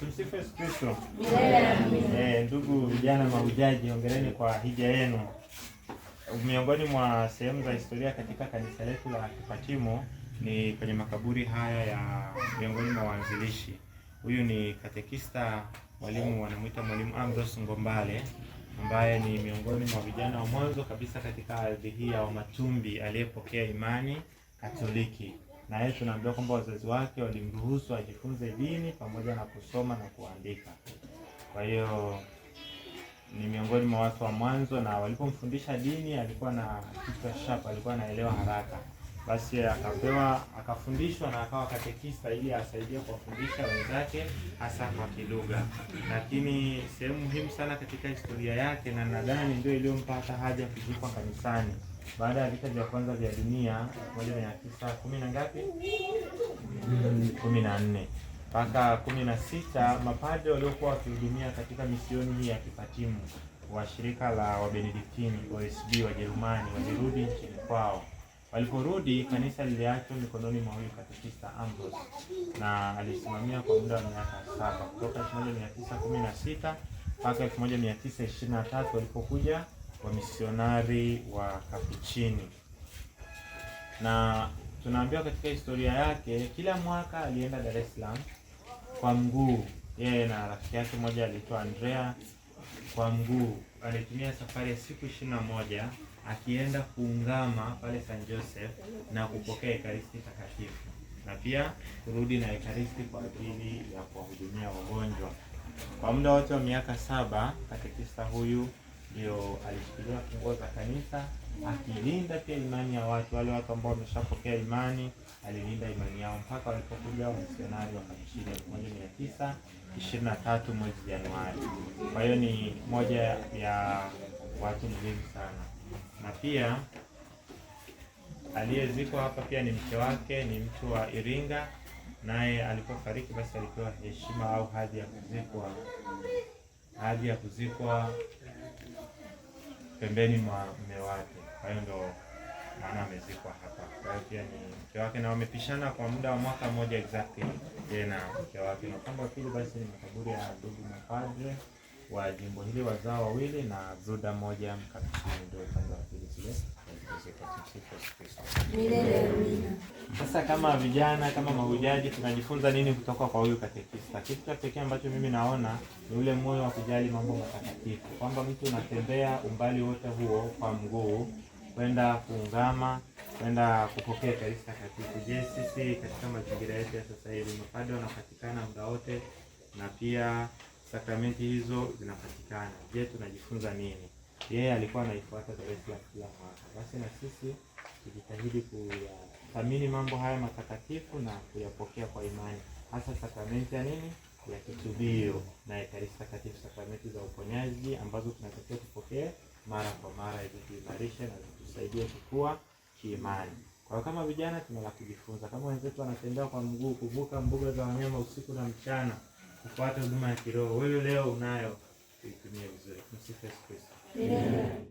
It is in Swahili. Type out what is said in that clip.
Tumsifu Yesu Kristo. Eh, ndugu vijana maujaji ongereni kwa hija yenu. Miongoni mwa sehemu za historia katika kanisa letu la Kifatimo ni kwenye makaburi haya ya miongoni mwa waanzilishi. Huyu ni katekista, mwalimu wanamwita mwalimu Ambrose Ngombale ambaye ni miongoni mwa vijana wa mwanzo kabisa katika ardhi hii ya Wamatumbi aliyepokea imani Katoliki na yeye tunaambiwa kwamba wazazi wake walimruhusu ajifunze dini pamoja na kusoma na kuandika. Kwa hiyo ni miongoni mwa watu wa mwanzo, na walipomfundisha dini alikuwa na kichwa sharp, alikuwa anaelewa haraka. Basi akapewa akafundishwa na akawa katekista ili asaidie kuwafundisha wenzake hasa kwa kilugha. Lakini sehemu muhimu sana katika historia yake, na nadhani ndio iliyompata haja kuzikwa kanisani baada ya vita vya kwanza vya dunia moja mia tisa kumi na ngapi, kumi na nne mpaka kumi na sita mapadre waliokuwa wakihudumia katika misioni hii ya Kipatimu wa shirika la Wabenediktini OSB Wajerumani walirudi nchini kwao. Waliporudi kanisa liliachwa mikononi mwa huyu katekista Ambrose, na alisimamia kwa muda wa miaka saba kutoka 1916 mpaka 1923 walipokuja wamisionari wa Kapuchini. Na tunaambiwa katika historia yake, kila mwaka alienda Dar es Salaam kwa mguu, yeye na rafiki yake mmoja aliitwa Andrea kwa mguu alitumia safari ya siku ishirini na moja akienda kuungama pale San Joseph na kupokea Ekaristi Takatifu na pia kurudi na Ekaristi kwa ajili ya kuwahudumia wagonjwa. Kwa muda wote wa miaka saba katekista huyu ndio alishikilia za kanisa akilinda pia imani ya watu wale watu ambao wameshapokea imani, alilinda imani yao mpaka walipokuja wamisionari wa elfu moja mia tisa ishirini na tatu mwezi Januari. Kwa hiyo ni moja ya watu muhimu sana, na pia aliyezikwa hapa pia ni mke wake, ni mtu wa Iringa, naye alipofariki basi alipewa heshima au hadhi ya kuzikwa hadi ya kuzikwa pembeni mwa mume wake. Kwa hiyo ndo maana amezikwa hapa. Kwa hiyo pia ni mke wake, na wamepishana kwa muda wa mwaka mmoja exactly, yeye na mke wake. Na upande wa pili basi ni makaburi ya ndugu mapadre wa jimbo hili, wazao wawili na zuda moja mkapisini, ndio upande wa pili zile Kristo milele. Amina sasa kama vijana kama mahujaji tunajifunza nini kutoka kwa huyu katekista? Kitu cha pekee ambacho mimi naona ni ule moyo wa kujali mambo matakatifu, kwamba mtu unatembea umbali wote huo kwa mguu kwenda kuungama kwenda kupokea Ekaristi Takatifu. Je, sisi katika mazingira yetu ya sasa hivi mapade wanapatikana muda wote na pia sakramenti hizo zinapatikana? Je, tunajifunza nini? Yeye alikuwa anaifuata toresi ya kila mwaka, basi na sisi tujitahidi ku thamini mambo haya matakatifu na kuyapokea kwa imani, hasa sakramenti ya nini ya kitubio na ekaristi takatifu, sakramenti za uponyaji ambazo tunatakiwa tupokee mara kwa mara ili kuimarisha na kutusaidia kukua kiimani. Kwa hiyo kama vijana tuna la kujifunza, kama wenzetu wanatembea kwa mguu, kuvuka mbuga za wanyama usiku na mchana, kufuata huduma ya kiroho, wewe leo unayo, uitumie vizuri. Msifu Yesu Kristo.